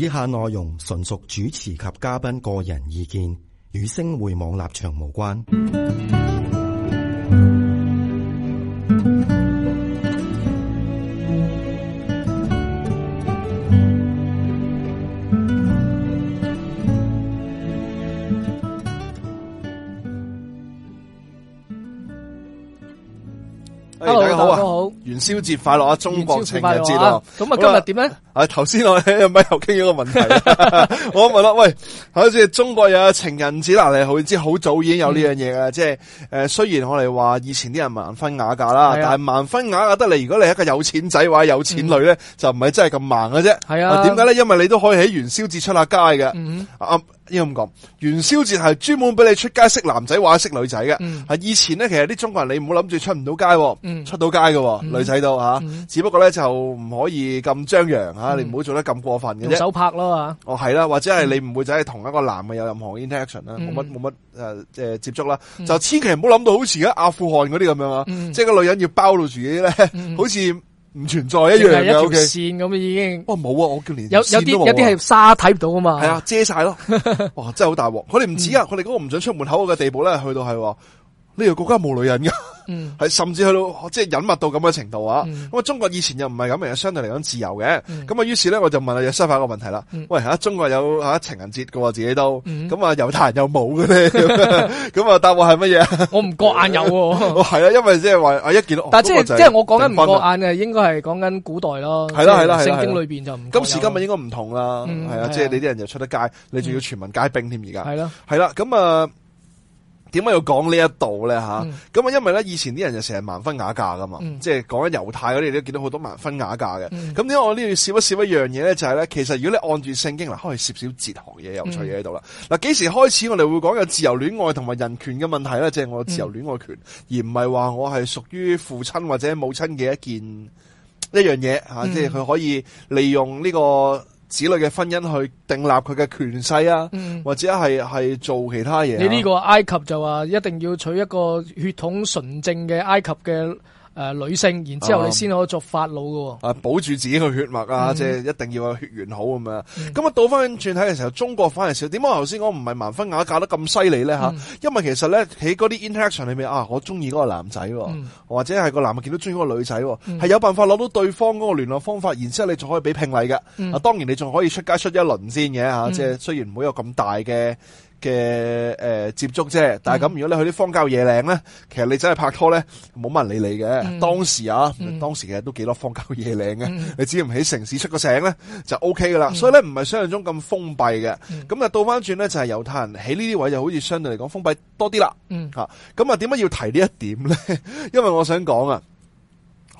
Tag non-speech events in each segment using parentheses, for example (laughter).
以下內容純屬主持及嘉賓個人意見，與星匯網立場無關。Hello，大家好，元宵節快樂啊！中國情人節啦！咁啊，今日點咧？誒、啊，頭先我咪又傾咗個問題， (laughs) (laughs) 我問啦，喂，好、啊、似中國有情人節，嗱，你好知好早已經有呢樣嘢嘅，即係誒，雖然我哋話以前啲人盲婚啞嫁啦，啊、但係盲婚啞嫁得嚟，如果你一個有錢仔或者有錢女咧，嗯、就唔係真係咁盲嘅啫。係啊，點解咧？因為你都可以喺元宵節出下街嘅。嗯、啊，應該咁講，元宵節係專門俾你出街識男仔或者識女仔嘅。係、嗯啊、以前咧，其實啲中國人你唔好諗住出唔到街，嗯、出到街嘅，嗯、女仔都吓，啊嗯、只不過咧就唔可以咁張揚吓。你唔好做得咁過分嘅，你手拍咯啊！哦，係啦，或者係你唔會走係同一個男嘅有任何 interaction、嗯呃、接觸啦，冇乜冇乜誒，即係接觸啦，就千祈唔好諗到好似而家阿富汗嗰啲咁樣啊，即、嗯、係個女人要包到自己咧，嗯、好似唔存在一樣嘅一條線咁已經。冇、okay 哦、啊！我叫連線有、啊、有啲有啲係沙睇唔到啊嘛，係啊遮晒咯。哇，真係好大鑊！佢哋唔止啊，佢哋嗰個唔准出門口嘅地步咧，去到係呢、這個國家冇女人噶。係、嗯、甚至去到即係隱密到咁嘅程度啊！咁、嗯、啊，中國以前又唔係咁，又相對嚟講自由嘅。咁、嗯、啊，於是咧我就問阿葉生法個問題啦、嗯。喂，中國有啊情人節嘅喎，自己都咁啊，猶、嗯、太人又冇嘅咧？咁、嗯、啊， (laughs) 我答案係乜嘢？我唔覺眼有。係啦，因為即係話啊，一見到但即係即係我講緊唔覺眼嘅，應該係講緊古代咯。係啦係啦，聖、就是、經裏邊就唔。今時今日應該唔同啦。係、嗯、啊，即係你啲人又出得街，你仲要全民皆兵添而家。係啦係啦，咁啊。點解要講呢一度咧吓？咁、嗯、啊，因為咧以前啲人瓦、嗯、就成日盲婚啞嫁㗎嘛，即係講緊猶太嗰啲，你都見到好多盲婚啞嫁嘅。咁點解我要小小小呢度少一少一樣嘢咧？就係咧，其實如果你按住聖經，可以涉少哲學嘢有趣嘢喺度啦。嗱、嗯，幾時開始我哋會講有自由戀愛同埋人權嘅問題咧？即、就、係、是、我自由戀愛權，嗯、而唔係話我係屬於父親或者母親嘅一件一樣嘢吓，即係佢可以利用呢、這個。子女嘅婚姻去定立佢嘅權勢啊，嗯，或者係係做其他嘢啊。你呢個埃及就話一定要娶一個血統純正嘅埃及嘅。誒、呃，女性，然之後你先可以做法老嘅、哦，誒、啊啊，保住自己嘅血脈啊，嗯、即係一定要有血緣好咁樣。咁、嗯、啊，倒翻轉睇嘅時候，中國反而少。點解頭先我唔係盲婚啞嫁得咁犀利咧？吓、嗯，因為其實咧喺嗰啲 interaction 裏面啊，我中意嗰個男仔、啊嗯，或者係個男嘅見到中意個女仔、啊，係、嗯、有辦法攞到對方嗰個聯絡方法，然之後你仲可以俾聘禮嘅。當然你仲可以出街出一輪先嘅吓、啊，即係雖然唔會有咁大嘅。嘅誒、呃、接觸啫，但係咁、嗯、如果你去啲荒郊野嶺咧，其實你真係拍拖咧，冇乜人理你嘅、嗯。當時啊，嗯、當時其實都幾多荒郊野嶺嘅、啊嗯，你只要唔喺城市出個醒咧，就 O K 噶啦。所以咧，唔係想像中咁封閉嘅。咁、嗯、啊，倒翻轉咧，就係猶太人喺呢啲位就好似相對嚟講封閉多啲啦。嚇、嗯，咁啊，點解要提呢一點咧？因為我想講啊。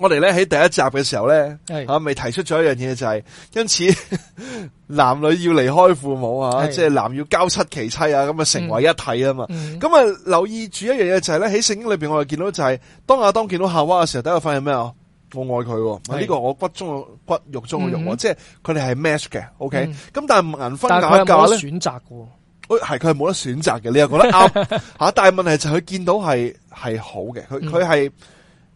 我哋咧喺第一集嘅時候咧吓，未、啊、提出咗一樣嘢就係、是，因此男女要離開父母啊，即係男要交七其妻啊，咁啊成為一體啊嘛。咁、嗯、啊、嗯、留意住一樣嘢就係、是、咧，喺聖經裏邊我哋見到就係、是，當亞當見到夏娃嘅時候，第一個發現咩啊？我愛佢，呢個我骨中嘅骨肉中嘅肉、哦，嗯、即係佢哋係 match 嘅。O K，咁但係文分兩教咧。有選擇嘅，係佢係冇得選擇嘅，你又覺得啱吓？但 (laughs) 係問題就佢、是、見到係係好嘅，佢佢係。嗯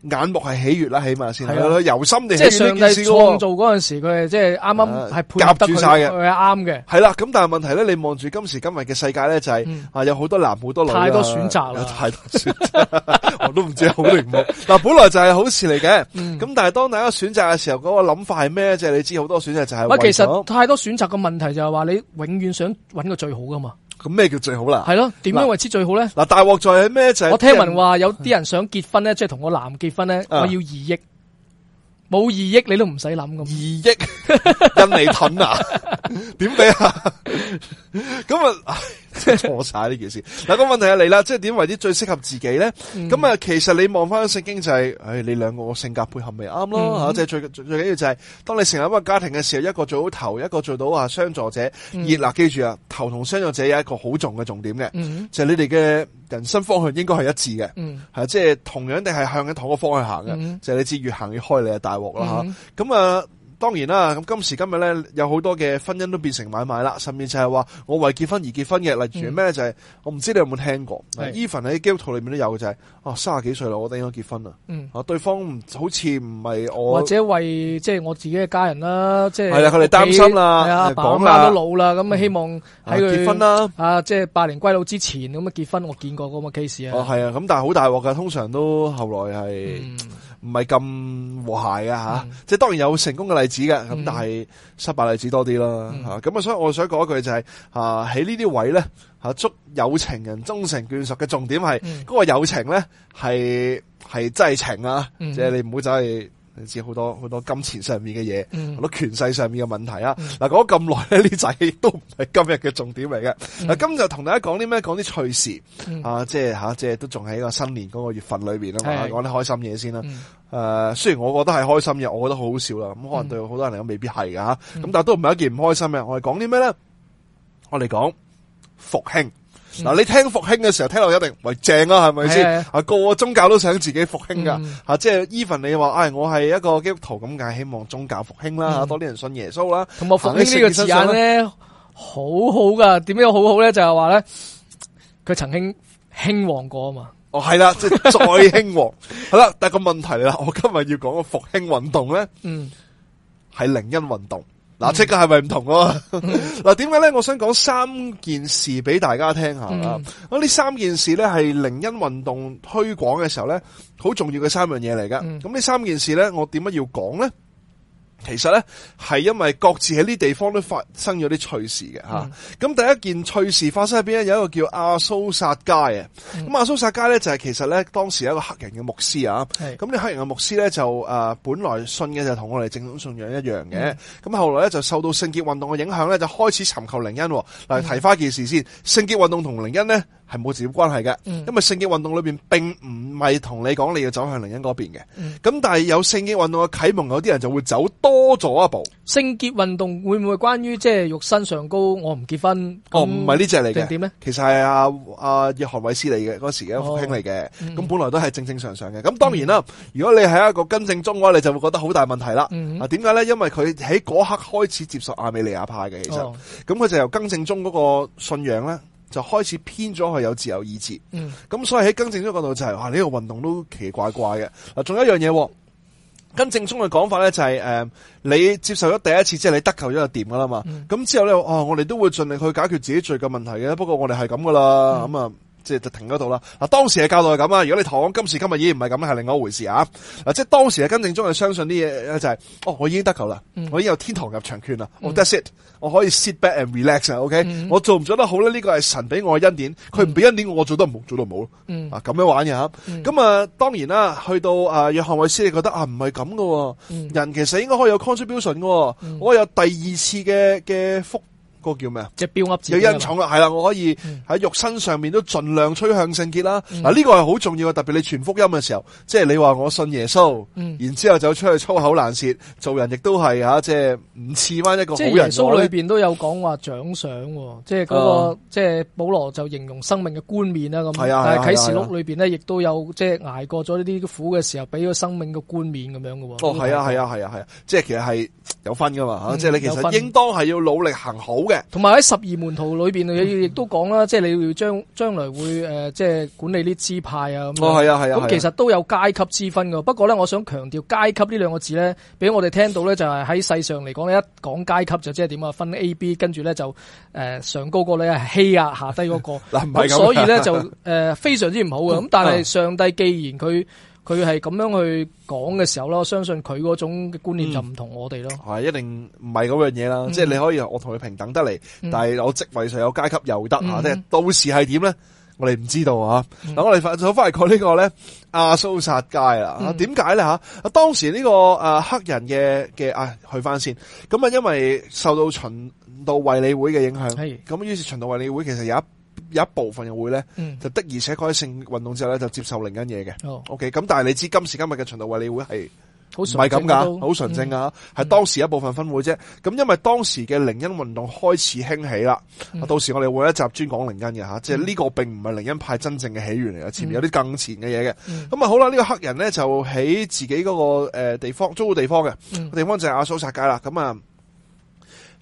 眼目係喜悅啦，起碼先係、啊啊、由心定，即係上帝創造嗰陣時，佢即係啱啱係配合、啊、住晒嘅，啱嘅。係啦、啊，咁但係問題咧，你望住今時今日嘅世界咧，就係、是、啊、嗯、有好多男好多女，太多選擇啦，太多選擇， (laughs) (laughs) 我都唔知好凌目。嗱， (laughs) 但本來就係好事嚟嘅。咁、嗯、但係當大家選擇嘅時候，嗰、那個諗法係咩？即、就、係、是、你知好多選擇就係。唔其實太多選擇嘅問題就係、是、話，你永遠想揾個最好噶嘛。咁咩叫最好啦？係咯，點樣為之最好咧？嗱，大鑊在咩就係？我聽聞話有啲人想結婚咧，即係同個男結婚咧，我要二億。啊冇二億，你都唔使諗咁。二億，印尼盾啊？點俾啊？咁啊，錯晒呢 (laughs) 件事。嗱，個問題係你啦，即係點為之最適合自己咧？咁、嗯、啊，其實你望翻聖經就係、是，唉、哎，你兩個性格配合咪啱咯吓，即、嗯、係、啊、最最最緊要就係、是，當你成立一個家庭嘅時候，一個做到頭，一個做到啊相助者。熱、嗯、嗱，記住啊，頭同相助者有一個好重嘅重點嘅、嗯，就係、是、你哋嘅。人生方向應該係一致嘅，係、嗯啊、即係同樣地係向緊同一個方向行嘅、嗯，就係、係、你知越行越開就，你係大鑊啦嚇。咁啊～當然啦，咁今時今日咧，有好多嘅婚姻都變成買賣啦，甚至就係話我為結婚而結婚嘅，例如咩、嗯、就係、是、我唔知你有冇聽過 even 喺基督徒裏面都有嘅就係、是，啊卅幾歲啦，我哋應該結婚啦，嗯、啊對方唔好似唔係我或者為即係、就是、我自己嘅家人啦，即係係啦佢哋擔心啦，爸爸都老啦，咁希望喺佢結婚啦，啊即係百年歸老之前咁啊結婚，我見過咁嘅 case 啊，哦係啊，咁但係好大鑊噶，通常都後來係。嗯唔係咁和諧㗎，吓、嗯，即係當然有成功嘅例子嘅，咁、嗯、但係失敗例子多啲啦吓，咁、嗯、啊所以我想講一句就係、是、喺、啊、呢啲位咧吓，祝有情人終成眷屬嘅重點係嗰、嗯嗰個友情咧係係真係情啊，即、嗯、係、就係、你唔好走去。你知好多好多金錢上面嘅嘢，好、嗯、多權勢上面嘅問題、嗯那麼久的的嗯麼嗯、啊！嗱、就是，講咗咁耐咧，呢集都唔係今日嘅重點嚟嘅。嗱，今日同大家講啲咩？講啲趣事啊！即係吓，即係都仲喺一個新年嗰個月份裏邊啊嘛。講、嗯、啲開心嘢先啦。誒、嗯啊，雖然我覺得係開心嘅，我覺得好好笑啦。咁可能對好多人嚟講未必係噶，咁但係都唔係一件唔開心嘅。我哋講啲咩咧？我哋講復興。嗱、嗯，你聽復興嘅時候，聽落一定唔係正啊，係咪先？啊，個個宗教都想自己復興噶，啊、嗯，即係 even 你話，唉、哎，我係一個基督徒咁梗係，希望宗教復興啦、嗯，多啲人信耶穌啦。同埋復興呢、這個時間咧，好好噶。點樣好好咧？就係話咧，佢曾經興旺過啊嘛。哦，係啦，即、就、係、是、再興旺。好啦，但係個問題嚟啦，我今日要講個復興運動咧，嗯，係靈恩運動。嗱、嗯，即刻係咪唔同咯、啊？嗱、嗯，點解咧？我想講三件事俾大家聽下啦。咁、嗯、呢三件事咧，係靈恩運動推廣嘅時候咧，好重要嘅三樣嘢嚟噶。咁呢三件事咧，嗯、事我點解要講咧？其實咧係因為各自喺呢啲地方都發生咗啲趣事嘅吓，咁、嗯啊、第一件趣事發生喺邊咧？有一個叫阿蘇撒街、嗯、啊蘇撒，咁阿蘇撒街咧就係、是、其實咧當時有一個黑人嘅牧師啊，咁呢黑人嘅牧師咧就誒、呃、本來信嘅就同我哋正統信仰一樣嘅，咁、嗯啊、後來咧就受到聖潔運動嘅影響咧就開始尋求靈恩。嗱、啊，提翻件事先，聖潔運動同靈恩咧。係冇直接關係嘅，因為聖潔運動裏邊並唔係同你講你要走向靈恩嗰邊嘅，咁、嗯、但係有聖潔運動嘅啟蒙，有啲人就會走多咗一步。聖潔運動會唔會關於即係肉身上高，我唔結婚？哦，唔係呢隻嚟嘅，點咧？其實係阿阿約翰韋斯利嚟嘅嗰時嘅復興嚟嘅，咁、哦嗯、本來都係正正常常嘅。咁當然啦、嗯，如果你係一個更正宗嘅話，你就會覺得好大問題啦、嗯。啊，點解咧？因為佢喺嗰刻開始接受亞美尼亞派嘅，其實咁佢、哦、就由更正宗嗰個信仰咧。就開始偏咗，佢有自由意志，咁、嗯、所以喺更正宗角度就係、是、哇呢、這個運動都奇怪怪嘅嗱。仲有一樣嘢，更正宗嘅講法咧就係、是呃、你接受咗第一次之後，你得球咗就掂噶啦嘛。咁、嗯、之後咧，哦，我哋都會盡力去解決自己罪嘅問題嘅。不過我哋係咁噶啦，咁、嗯、啊。即係就停嗰度啦。嗱，當時嘅教導係咁啊。如果你唐今時今日依然唔係咁，係另外一回事啊。嗱、啊，即係當時嘅更正宗係相信啲嘢就係、是，哦，我已經得救啦、嗯，我已經有天堂入場券啦。我、嗯 oh, that's it，我可以 sit back and relax 啊、okay? 嗯。OK，我做唔做得好咧？呢、這個係神俾我嘅恩典，佢唔俾恩典，我做得冇，做到冇。咁樣玩嘅吓。咁、嗯、啊，當然啦，去到啊約翰衛斯，你覺得啊，唔係咁噶。人其實應該可以有 contribution 噶、哦嗯。我有第二次嘅嘅福嗰、那個叫咩啊？即係標係恩寵啊！係啦，我可以喺肉身上面都盡量吹向聖潔啦。嗱、嗯，呢、這個係好重要嘅，特別你傳福音嘅時候，即係你話我信耶穌、嗯，然之後就出去粗口濫舌，做人亦都係嚇，即係唔似翻一個好人。即係耶穌裏邊都有講話獎賞、嗯，即係嗰、那個即係保羅就形容生命嘅冠、嗯、冕啦咁。係啊係啊係啊！但係啟示錄裏邊咧，亦都有即係挨過咗呢啲苦嘅時候，俾個生命嘅冠冕咁樣嘅喎。哦，係、哦、啊係啊係啊係啊，啊，啊，啊！即係其實係有分嘅嘛、嗯、即係你其實應當係要努力行好嘅同埋喺十二門徒裏邊，亦都講啦，即係你將將來會誒、呃，即係管理啲支派啊。咁係、哦、啊，係啊。咁、啊、其實都有階級之分噶。不過咧，我想強調階級呢兩個字咧，俾我哋聽到咧，就係、是、喺世上嚟講，一講階級就即係點啊？分 A、B，跟住咧就誒、呃、上高、個咧係欺壓下低嗰、個。嗱，唔係咁，所以咧就誒、呃、非常之唔好噶。咁、嗯、但係上帝既然佢。佢係咁樣去講嘅時候咯，相信佢嗰種嘅觀念就唔同我哋咯。係一定唔係嗰樣嘢啦，即係你可以我同佢平等得嚟，但係我職位上有階級又得吓。即係到時係點咧，我哋唔知道啊。嗱，我哋翻咗翻嚟講呢個咧，阿蘇薩街啊，點解咧吓？當時呢個誒黑人嘅嘅啊去翻先，咁啊因為受到巡道衛理會嘅影響，咁於是巡道衛理會其實有一有一部分人會咧、嗯，就的而且確喺性運動之後咧，就接受靈恩嘢嘅。O K，咁但係你知今時今日嘅循道衛理會是不是這樣的？你會係唔係咁噶？好純正噶，係、嗯、當時一部分分會啫。咁因為當時嘅靈恩運動開始興起啦、嗯。到時我哋會一集專講靈恩嘅嚇、嗯，即係呢個並唔係靈恩派真正嘅起源嚟嘅，前面有啲更前嘅嘢嘅。咁、嗯、啊好啦，呢、呢個黑人咧就喺自己嗰、嗰個、呃、地方租嘅地方嘅、嗯、地方就係阿蘇薩街啦。咁啊。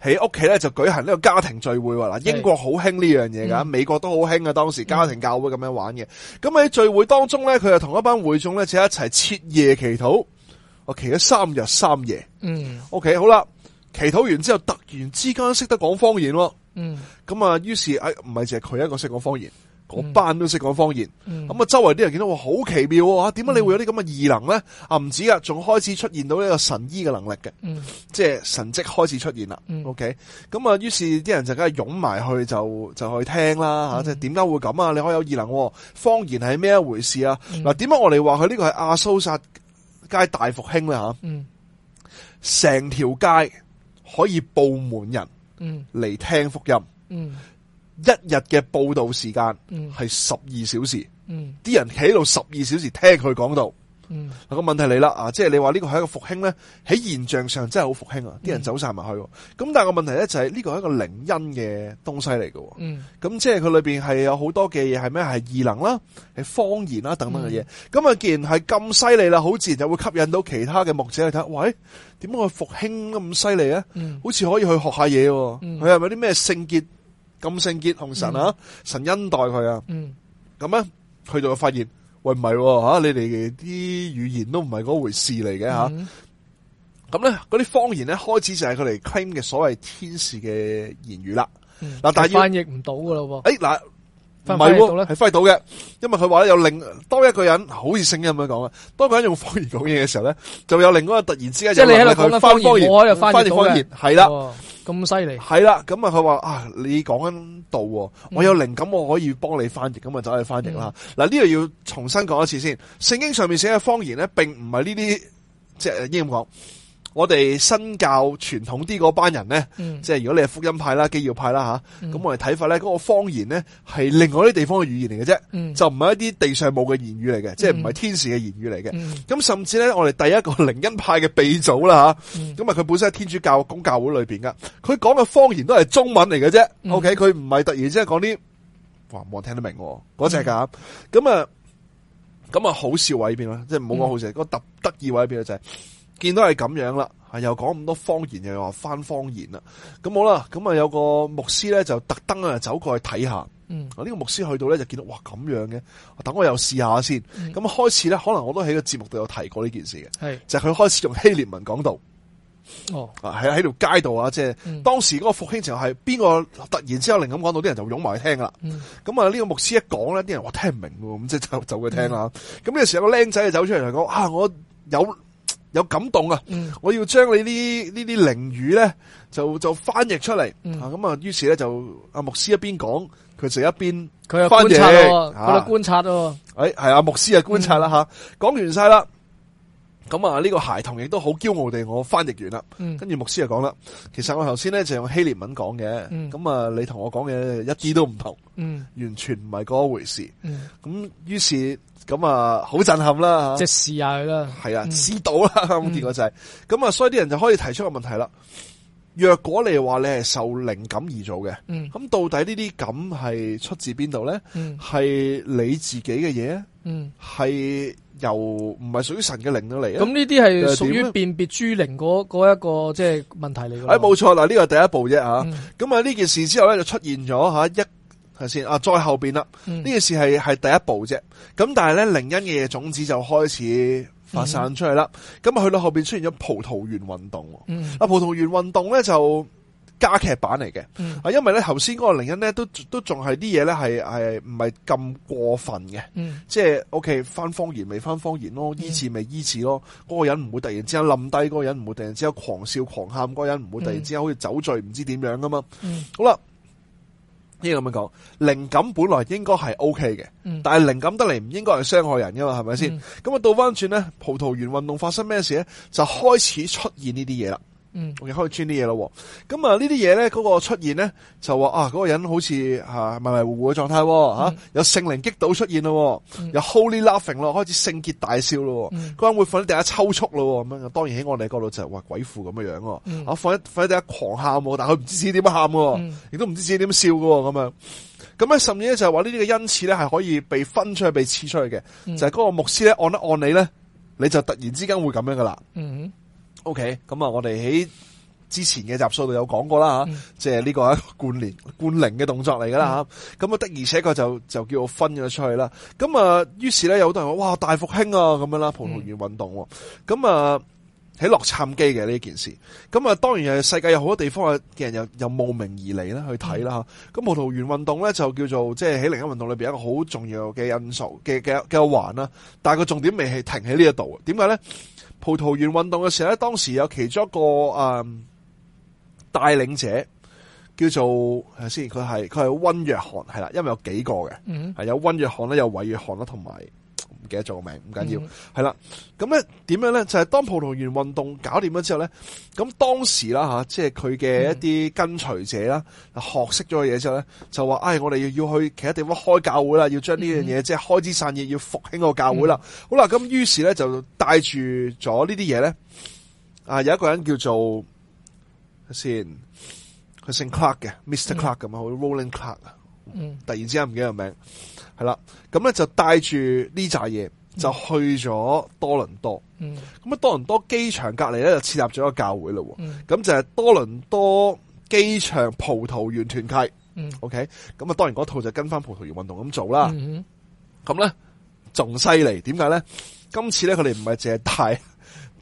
喺屋企咧就舉行呢個家庭聚會喎嗱，英國好興呢樣嘢噶，美國都好興啊！當時家庭教會咁樣玩嘅，咁喺聚會當中咧，佢就同一班會眾咧就一齊徹夜祈禱，我祈咗三日三夜，嗯，OK，好啦，祈禱完之後突然之間識得講方言咯，嗯，咁啊，於是，誒，唔係淨係佢一個識講方言。嗯、班都識講方言，咁、嗯、啊周圍啲人見到好奇妙啊，哦，點解你會有啲咁嘅異能咧嗯？啊唔止啊，仲開始出現到呢個神醫嘅能力嘅、嗯，即係神跡開始出現啦、嗯。OK，咁啊，於是啲人就梗係湧埋去，就就去聽啦吓。即係點解會咁啊？你可以有異能，哦，方言係咩一回事啊？嗱、嗯，點解我哋話佢呢個係阿蘇薩街大復興咧吓？成、嗯、條街可以佈滿人嚟聽福音。嗯嗯一日嘅報道時間係十二小時，啲、嗯嗯、人企喺度十二小時聽佢講道。嗱、嗯個問題嚟啦，啊，即係你話呢個係一個復興咧，喺現象上真係好復興啊！啲人走晒埋去，咁、嗯、但係個問題咧就係、是、呢個係一個靈恩嘅東西嚟嘅，咁、嗯、即係佢裏邊係有好多嘅嘢，係咩？係異能啦，係方言啦，等等嘅嘢。咁、嗯、啊，既然係咁犀利啦，好自然就會吸引到其他嘅牧者去睇。喂，點解佢復興咁犀利啊？好似可以去學下嘢，佢係咪啲咩聖潔？金聖杰同神啊，嗯、神恩待佢啊，咁咧佢就發現，喂唔係吓，你哋啲語言都唔係嗰回事嚟嘅吓，咁咧嗰啲方言咧開始就係佢哋 claim 嘅所謂天使嘅言語啦，嗱、嗯、但係翻譯唔、欸啊、到噶咯，誒嗱，唔係喎，係翻譯到嘅，因為佢話咧有另多一個人好似聲音咁樣講啊，當一個人用方言講嘢嘅時候咧，就有另外突然之間即係你喺度講我翻譯方言，係、哦、啦。咁犀利，係啦，咁啊佢話啊，你講緊道，我有靈感，我可以幫你翻譯，咁啊走去翻譯啦。嗱、嗯，呢度要重新講一次先，聖經上面寫嘅方言咧，並唔係呢啲，即係英文講。我哋新教傳統啲嗰班人咧，即、嗯、係如果你係福音派啦、基要派啦吓，咁、嗯、我哋睇法咧，嗰、那個方言咧係另外啲地方嘅語言嚟嘅啫，就唔係一啲地上冇嘅言語嚟嘅、嗯，即係唔係天使嘅言語嚟嘅。咁、嗯、甚至咧，我哋第一個靈恩派嘅鼻祖啦吓，咁、嗯、啊佢本身係天主教公教會裏邊噶，佢講嘅方言都係中文嚟嘅啫。OK，佢唔係突然之間講啲哇冇人聽得明只噶，咁、那個、啊咁啊、嗯那個、好笑位邊啦，即係唔好講好笑，嗯那個特得意位喺邊咧就係、是。見到係咁樣啦，又講咁多方言，又話翻方言啦。咁好啦，咁啊有個牧師咧就特登啊走過去睇下。嗯，呢、這個牧師去到咧就見到哇咁樣嘅，等我又試下先。咁、嗯、開始咧，可能我都喺個節目度有提過呢件事嘅，係就佢、是、開始用希臘文講道。哦，喺喺條街度啊，即係、就是、當時嗰個復興情況係邊個突然之後靈咁講到，啲人就湧埋去聽啦。咁啊呢個牧師一講咧，啲人哇聽唔明白，咁即係走走去聽啦。咁呢個時候有個僆仔啊走出嚟就講啊，我有。有感動啊！嗯、我要將你呢呢啲靈語咧，就就翻譯出嚟、嗯、啊！咁啊，於是咧就阿牧師一邊講，佢就一邊佢啊翻譯，佢觀察咯。誒、係、啊、阿、哎啊、牧師啊觀察啦吓，講完晒啦。咁啊，呢、啊這個孩童亦都好驕傲地，我翻譯完啦。跟、嗯、住牧師就講啦，其實我頭先咧就用希臘文講嘅，咁、嗯、啊，你我同我講嘅一啲都唔同，完全唔係嗰回事。咁、嗯、於、啊、是。咁啊，好震撼啦！即係試下佢啦，係啊，試、啊嗯、到啦，咁結果就係咁啊，所以啲人就可以提出個問題啦。若果你話你係受靈感而做嘅，咁、嗯、到底呢啲感係出自邊度咧？係、嗯、你自己嘅嘢啊？係、嗯、由唔係屬於神嘅靈都嚟啊？咁呢啲係屬於辨別諸靈嗰嗰一個即係問題嚟嘅。誒、哎，冇錯啦，呢、這個係第一步啫吓。咁啊，呢、嗯、件事之後咧就出現咗吓一。頭先啊！再後邊啦，呢、嗯、件事係係第一步啫。咁但係咧，靈恩嘅種子就開始發散出嚟啦。咁、嗯、啊，去到後邊出現咗葡萄園運動。嗯啊、葡萄園運動咧就加劇版嚟嘅、嗯。啊，因為咧，頭先嗰個靈恩咧都都仲係啲嘢咧係係唔係咁過分嘅、嗯。即係 OK，翻方言未翻方言咯，嗯、依次咪依次咯。嗰、那個人唔會突然之間冧低，嗰個人唔會突然之間狂笑狂喊，嗰、那個人唔會突然之間、嗯、好似酒醉唔知點樣噶嘛。嗯、好啦。應該咁樣講，靈恩本來應該係 O K 嘅，但係靈恩得嚟唔應該係傷害人噶嘛，係咪先？咁啊倒翻轉咧，葡萄園運動發生咩事咧？就開始出現呢啲嘢啦。嗯，我哋可以轉啲嘢咯。咁啊，呢啲嘢咧，嗰個出現咧，就話啊，嗰、那個人好似吓迷迷糊糊嘅狀態，吓、嗯啊、有聖靈擊倒出現咯、嗯，有 Holy Laughing 咯，開始聖潔大笑咯，嗰、嗯、人會瞓，喺地下抽搐咯，咁樣當然喺我哋角度就係、是、話鬼附咁嘅樣，喎、嗯。瞓瞓喺地下狂喊，但係佢唔知自己點樣喊，亦都唔知自己點笑喎。咁樣咁咧、啊，甚至咧就係話呢啲嘅恩賜咧係可以被分出去，被賜出去嘅、嗯，就係、是、嗰個牧師咧按一按你咧，你就突然之間會咁樣噶啦。嗯。O K，咁啊，我哋喺之前嘅集數度有講過啦吓，即係呢個係一個灌連灌靈嘅動作嚟噶啦吓，咁啊的而且確就就叫我分咗出去啦，咁啊，於是咧有好多人話哇大復興啊咁樣啦，葡萄園運動，咁、嗯、啊。喺洛杉磯嘅呢件事，咁啊當然係世界有好多地方嘅人又又慕名而嚟啦，去睇啦。咁葡萄園運動咧就叫做即係喺靈恩運動裏邊一個好重要嘅因素嘅嘅嘅環啦。但係個重點未係停喺呢一度，點解咧？葡萄園運動嘅時候咧，當時有其中一個誒、嗯、帶領者叫做先，佢係佢係温約翰係啦，因為有幾個嘅，係有温約翰咧，有韋約翰啦，同埋。還有唔記得咗個名，唔緊要，係、mm、啦 -hmm.，咁咧點樣咧？就係、是、當葡萄園運動搞掂咗之後咧，咁當時啦吓、啊，即係佢嘅一啲跟隨者啦，mm -hmm. 學識咗嘅嘢之後咧，就話：，唉、哎，我哋要要去其他地方開教會啦，要將呢樣嘢即係開枝散葉，要復興個教會啦。Mm -hmm. 好啦，咁於是咧就帶住咗呢啲嘢咧，啊，有一個人叫做先，佢姓 Clark 嘅，Mr. Clark 咁啊，Rolling Clark 啊，Clark, mm -hmm. 突然之間唔記得個名。係啦，咁咧就帶住呢扎嘢就去咗多倫多。嗯，咁啊多倫多機場隔籬咧就設立咗個教會咯。咁、嗯、就係多倫多機場葡萄園團契。嗯，OK，咁啊當然嗰套就跟翻葡萄園運動咁做啦。咁咧仲犀利，點解咧？今次咧佢哋唔係淨係太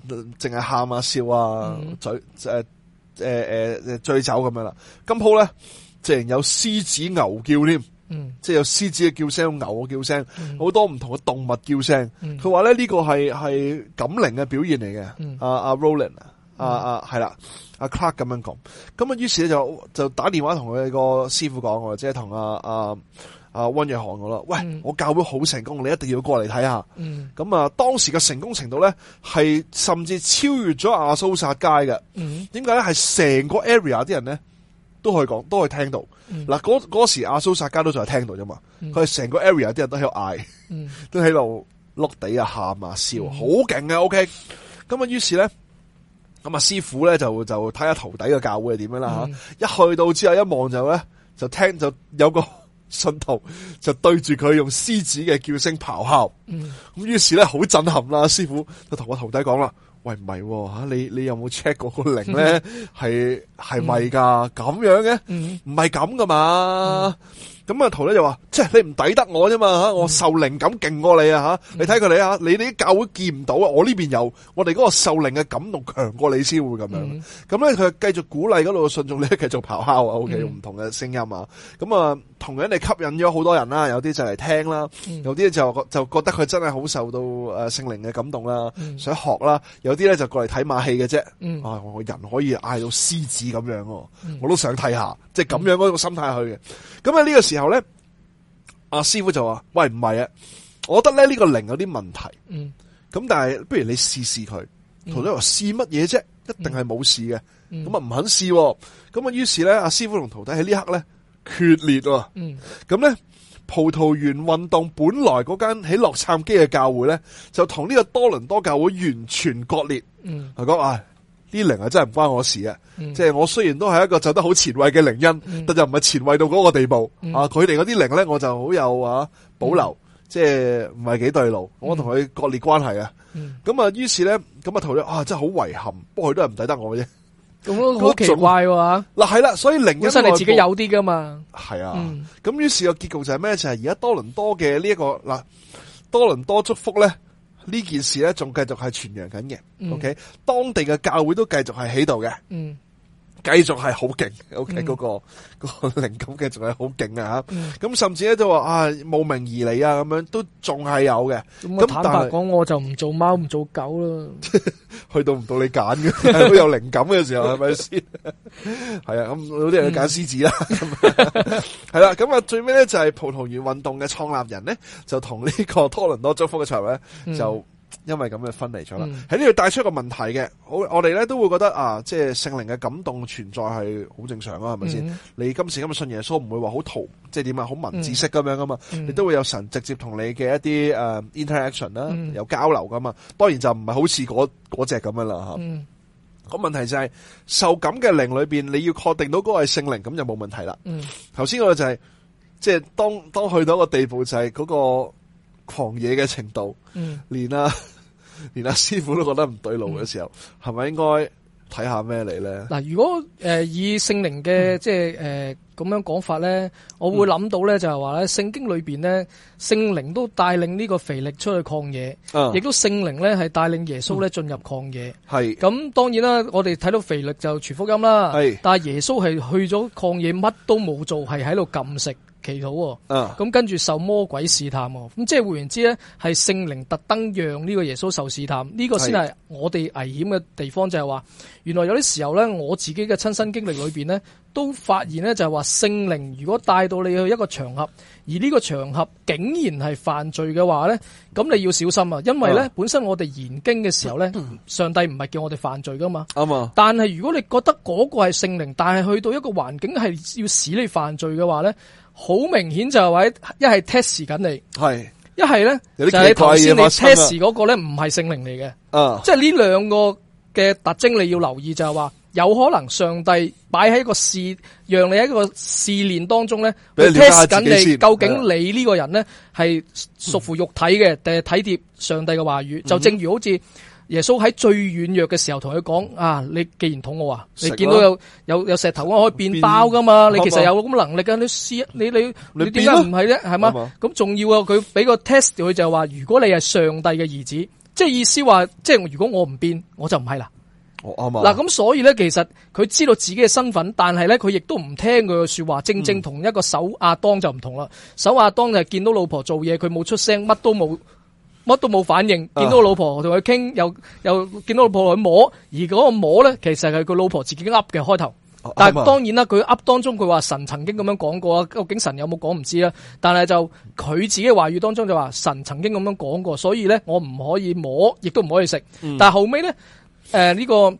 淨係喊呀笑啊、嗯、嘴，誒誒誒醉酒咁樣啦。今鋪咧，竟然有獅子牛叫添。嗯，即係有獅子嘅叫聲，牛嘅叫聲，好、嗯、多唔同嘅動物叫聲。佢話咧呢、這個係係感靈嘅表現嚟嘅。阿、嗯、阿、uh, Roland 啊、嗯，阿係啦，阿、uh、Clark 咁樣講。咁啊，於是咧就就打電話同佢個師傅講，或者同阿阿阿溫約翰講咯。喂、嗯，我教會好成功，你一定要過嚟睇下。咁、嗯嗯、啊，當時嘅成功程度咧，係甚至超越咗阿蘇撒街嘅。點解咧？係成個 area 啲人咧。都可以講，都可以聽到。嗱、嗯，嗰、啊、時阿蘇薩加都仲係聽到啫嘛。佢係成個 area 啲人都喺度嗌，都喺度碌地啊、喊啊、笑，好勁呀 O K，咁啊，於、okay? 是咧，咁啊，師傅咧就就睇下徒弟嘅教會係點樣啦吓、嗯。一去到之後一呢，一望就咧就聽就有個信徒就對住佢用獅子嘅叫聲咆哮。咁、嗯、於是咧好震撼啦，師傅就同個徒弟講啦。喂，唔係喎，吓，你你有冇 check 過個靈咧？係係咪噶咁樣嘅？唔係咁噶嘛？咁啊！徒咧就話：，即係你唔抵得我啫嘛嚇，我受靈感勁過你啊嚇、嗯！你睇佢哋嚇，你啲教會見唔到啊，我呢邊有，我哋嗰個受靈嘅感動強過你先會咁樣。咁咧佢繼續鼓勵嗰度嘅信眾咧，繼續咆哮啊！OK，嗯、唔同嘅聲音啊！咁啊，同樣地吸引咗好多人啦，有啲就嚟聽啦，有啲就就覺得佢真係好受到誒聖靈嘅感動啦、嗯，想學啦，有啲咧就過嚟睇馬戲嘅啫。啊，我人可以嗌到獅子咁樣、嗯，我都想睇下，即係咁樣嗰種心態去嘅。咁啊呢個時。然後咧，阿、啊、師傅就話：，喂，唔係啊，我覺得咧呢、這個靈有啲問題，咁、嗯、但係不如你試試佢、嗯。徒弟話試乜嘢啫？一定係冇事嘅，咁啊唔肯試、哦，咁啊於是咧，阿、啊、師傅同徒弟喺呢刻咧決裂，咁、嗯、咧、嗯、葡萄園運動本來嗰間喺洛杉磯嘅教會咧，就同呢個多倫多教會完全割裂，係講啊。啲靈啊，真係唔關我事啊！即、嗯、係、就是、我雖然都係一個走得好前衛嘅靈恩，但就唔係前衛到嗰個地步、嗯、啊！佢哋嗰啲靈咧，我就好有啊保留，即係唔係幾對路、嗯，我同佢割裂關係啊！咁、嗯、啊，於是咧，咁啊，同佢啊，真係好遺憾，不過佢都係唔抵得我嘅啫。咁、嗯、好奇怪喎、啊！嗱，係啦，所以靈恩本身你自己有啲噶嘛？係啊，咁、嗯、於是個結局就係咩？就係而家多倫多嘅呢一個嗱，多倫多祝福咧。呢件事咧仲繼續係傳揚緊嘅，OK？當地嘅教會都繼續係喺度嘅。嗯繼續係好勁，OK 嗰、那個、那個靈感嘅仲係好勁啊！咁甚至咧都話啊，慕名而嚟啊，咁樣都仲係有嘅。咁、嗯、坦白講，我就唔做貓唔做狗啦。 (laughs) 去到唔到你揀嘅，都 (laughs) (laughs) 有靈感嘅時候係咪先？係 (laughs) 不是 (laughs) (laughs) 啊，咁好啲人去揀獅子啦。係、嗯、啦，咁 (laughs) (laughs) 啊最尾咧就係葡萄園運動嘅創立人咧，就同呢個多倫多祝福嘅場合呢，就是呢。就因為咁嘅分離咗啦，喺呢度帶出一個問題嘅，好我哋咧都會覺得啊，即係聖靈嘅感動存在係好正常咯，係咪先？你今時今日信耶穌唔會話好圖，即係點啊？好文字式咁樣噶嘛、嗯？你都會有神直接同你嘅一啲誒、uh, interaction 啦、嗯，有交流噶嘛？當然就唔係好似嗰嗰隻咁樣啦吓。個、啊嗯、問題就係、是、受感嘅靈裏邊，你要確定到嗰個係聖靈，咁就冇問題啦。頭先嗰個就係即係當當去到一個地步，就係嗰個狂野嘅程度、嗯，連啊～連阿師傅都覺得唔對路嘅時候，係、嗯、咪應該睇下咩嚟咧？嗱，如果誒以聖靈嘅即係誒咁樣講法咧、嗯，我會諗到咧就係話咧，聖經裏邊咧聖靈都帶領呢個腓力出去曠野，亦、嗯、都聖靈咧係帶領耶穌咧進入曠野。係、嗯、咁，當然啦，我哋睇到腓力就傳福音啦。係，但係耶穌係去咗曠野，乜都冇做，係喺度禁食。祈禱，咁跟住受魔鬼試探，咁即係換言之呢係聖靈特登讓呢個耶穌受試探，呢、呢個先係我哋危險嘅地方，就係、是、話原來有啲時候呢，我自己嘅親身經歷裏邊呢，都發現呢，就係話聖靈如果帶到你去一個場合，而呢個場合竟然係犯罪嘅話呢，咁你要小心啊，因為呢本身我哋研經嘅時候呢、嗯，上帝唔係叫我哋犯罪噶嘛、嗯，但係如果你覺得嗰個係聖靈，但係去到一個環境係要使你犯罪嘅話呢。好明顯就係話一係 test 緊你，係一係咧有啲奇怪嘅嘛，就係你頭先你 test 嗰個咧唔係聖靈嚟嘅。啊，即係呢兩個嘅特徵你要留意，就係話有可能上帝擺喺個試，讓你喺一個試練當中咧去 test 緊你，究竟你呢個人咧係屬乎肉體嘅定係體貼上帝嘅話語，就正如好似。耶穌喺最軟弱嘅時候同佢講：啊，你既然肚餓啊，你見到有有有石頭，我可以變包噶嘛？你其實有咁能力噶，你試你你你點解唔係呢？係嘛？咁仲要啊，佢俾個 test 佢就係話：如果你係上帝嘅兒子，即係意思話，即係如果我唔變，我就唔係啦。嗱咁，啊、所以咧，其實佢知道自己嘅身份，但係咧，佢亦都唔聽佢嘅說話。正正同一個首亞、嗯、當就唔同啦。首亞當就係見到老婆做嘢，佢冇出聲，乜都冇。乜都冇反應，見到我老婆同佢傾，啊、又又見到老婆去摸，而嗰個摸咧，其實係佢老婆自己噏嘅開頭。但係當然啦，佢噏當中佢話神曾經咁樣講過啦，究竟神有冇講唔知啦。但係就佢自己話語當中就話神曾經咁樣講過，所以咧我唔可以摸，亦都唔可以食。嗯、但係後屘咧，誒、呃、呢、呢個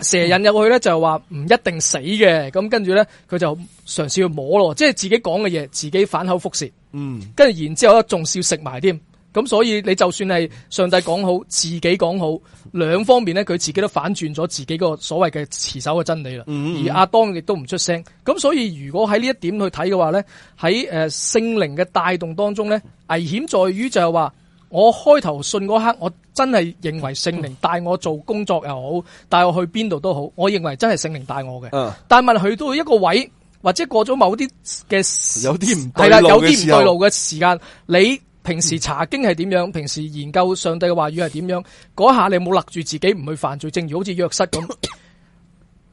蛇引入去咧就話唔一定死嘅。咁跟住咧佢就嘗試去摸咯，即係自己講嘅嘢自己反口覆舌。嗯跟，跟住然之後咧仲笑食埋添。咁所以你就算係上帝講好，自己講好，兩方面呢，佢自己都反轉咗自己個所謂嘅持守嘅真理啦，嗯嗯。而阿當亦都唔出聲。咁所以如果喺呢一點去睇嘅話呢，喺誒聖靈嘅帶動當中呢，危險在於就係話我開頭信嗰刻，我真係認為聖靈帶我做工作又好，帶我去邊度都好，我認為真係聖靈帶我嘅，啊。但問問去到一個位，或者過咗某啲嘅時有啲唔係啦，有啲唔對路嘅時間，你。平時查經係點樣？平時研究上帝嘅話語係點樣？嗰下你冇勒住自己唔去犯罪，正如好似約瑟咁。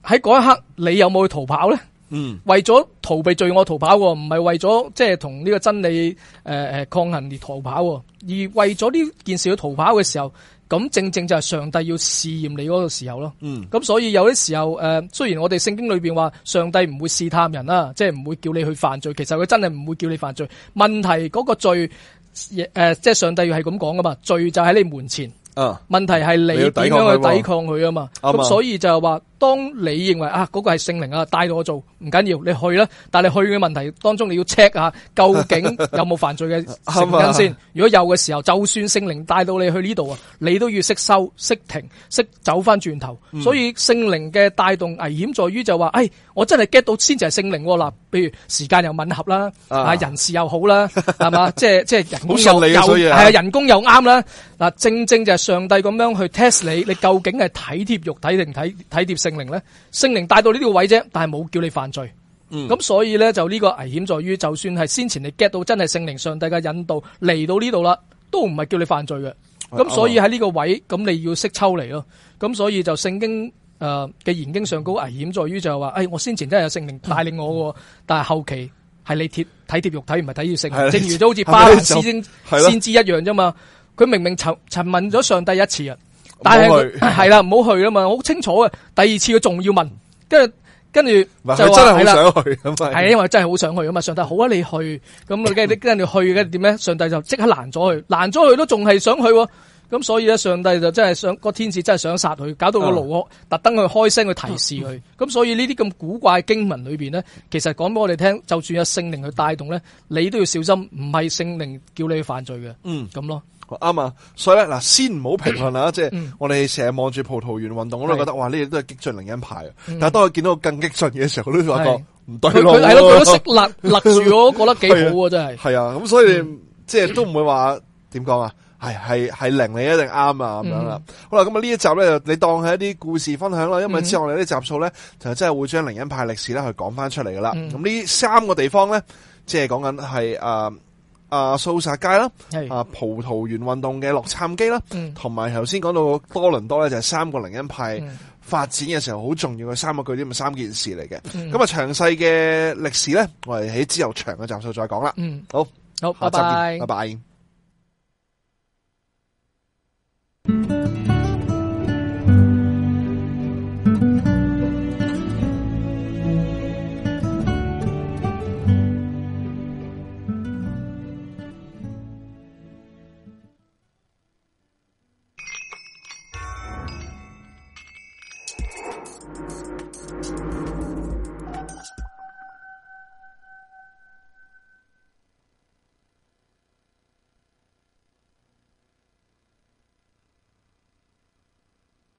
喺嗰 (coughs) 一刻，你有冇去逃跑呢？嗯，為咗逃避罪惡逃跑，唔係為咗即係同呢個真理誒誒、呃呃、抗衡而逃跑。而為咗呢件事要逃跑嘅時候，咁正正就係上帝要試驗你嗰個時候咯。嗯，咁所以有啲時候誒、呃，雖然我哋聖經裏邊話上帝唔會試探人啦，即係唔會叫你去犯罪，其實佢真係唔會叫你犯罪。問題嗰、那個罪。誒，即係上帝要係咁講噶嘛？罪就喺你門前，啊、問題係你點樣去抵抗佢啊嘛？咁所以就係話。當你認為啊嗰個係聖靈啊帶到我做唔緊要，你去啦。但係你去嘅問題當中，你要 check 下究竟有冇犯罪嘅成因先？如果有嘅時候，就算聖靈帶到你去呢度啊，你都要識收、識停、識走翻轉頭、嗯。所以聖靈嘅帶動危險在於就話，哎，我真係 get 到先至係聖靈嗱。譬如時間又吻合啦，啊，啊人事又好啦，係 (laughs) 嘛？即係即係人工又係啊， (laughs) 有 (laughs) 人工又啱啦嗱。正正就係上帝咁樣去 test 你，你究竟係體貼肉體定體體貼聖？聖靈咧，聖靈帶到呢個位啫，但係冇叫你犯罪。咁、嗯、所以咧就呢個危險在於，就算係先前你 get 到真係聖靈上帝嘅引導嚟到呢度啦，都唔係叫你犯罪嘅。咁、嗯、所以喺呢個位，咁你要識抽離咯。咁所以就聖經誒嘅、呃、言經上高危險在於就係話，誒、哎、我先前真係有聖靈帶領我喎、嗯，但係後期係你貼體貼肉體唔係體貼聖靈。正如都好似巴蘭先知一樣啫嘛，佢明明尋尋問咗上帝一次啊。但係係啦，唔好去啊嘛，我好清楚嘅。第二次佢仲要問，跟住跟住就真係好想去咁。係啊，因為真係好想去啊嘛。上帝好啦，你去咁啊，跟住跟住去嘅點咧？上帝就即刻攔咗佢，攔咗佢都仲係想去。咁所以咧，上帝就真係想個天使真係想殺佢，搞到個驢特登去開聲去提示佢。咁所以呢啲咁古怪嘅經文裏邊咧，其實講俾我哋聽，就算有聖靈去帶動咧，你都要小心，唔係聖靈叫你去犯罪嘅。嗯，咁咯。啱啊！所以咧，嗱，先唔好評論啦，即係我哋成日望住葡萄園運動，嗯嗯我，我都覺得哇，呢啲都係激進靈恩派啊！但係當我見到更激進嘅時候，我都話個唔對咯。佢係咯，立住，我覺得幾好啊！真係。係啊，咁所以、嗯、即係都唔會話點講啊？係係係零你一定啱啊！咁樣啦。好啦，咁啊呢一集咧，你當係一啲故事分享啦。因為之後我哋啲集數咧，就真係會將靈恩派歷史咧去講翻出嚟噶啦。咁、嗯、呢三個地方咧，即係講緊係誒。呃啊，蘇薩街啦，啊，葡萄園運動嘅洛杉磯啦，同埋頭先講到多倫多咧，就係三個靈恩派發展嘅時候好重要嘅三個據點，咁、就係、三件事嚟嘅。咁、嗯、啊，詳細嘅歷史咧，我哋喺之後長嘅集數再講啦。嗯，好，好，下集見，拜拜，拜拜。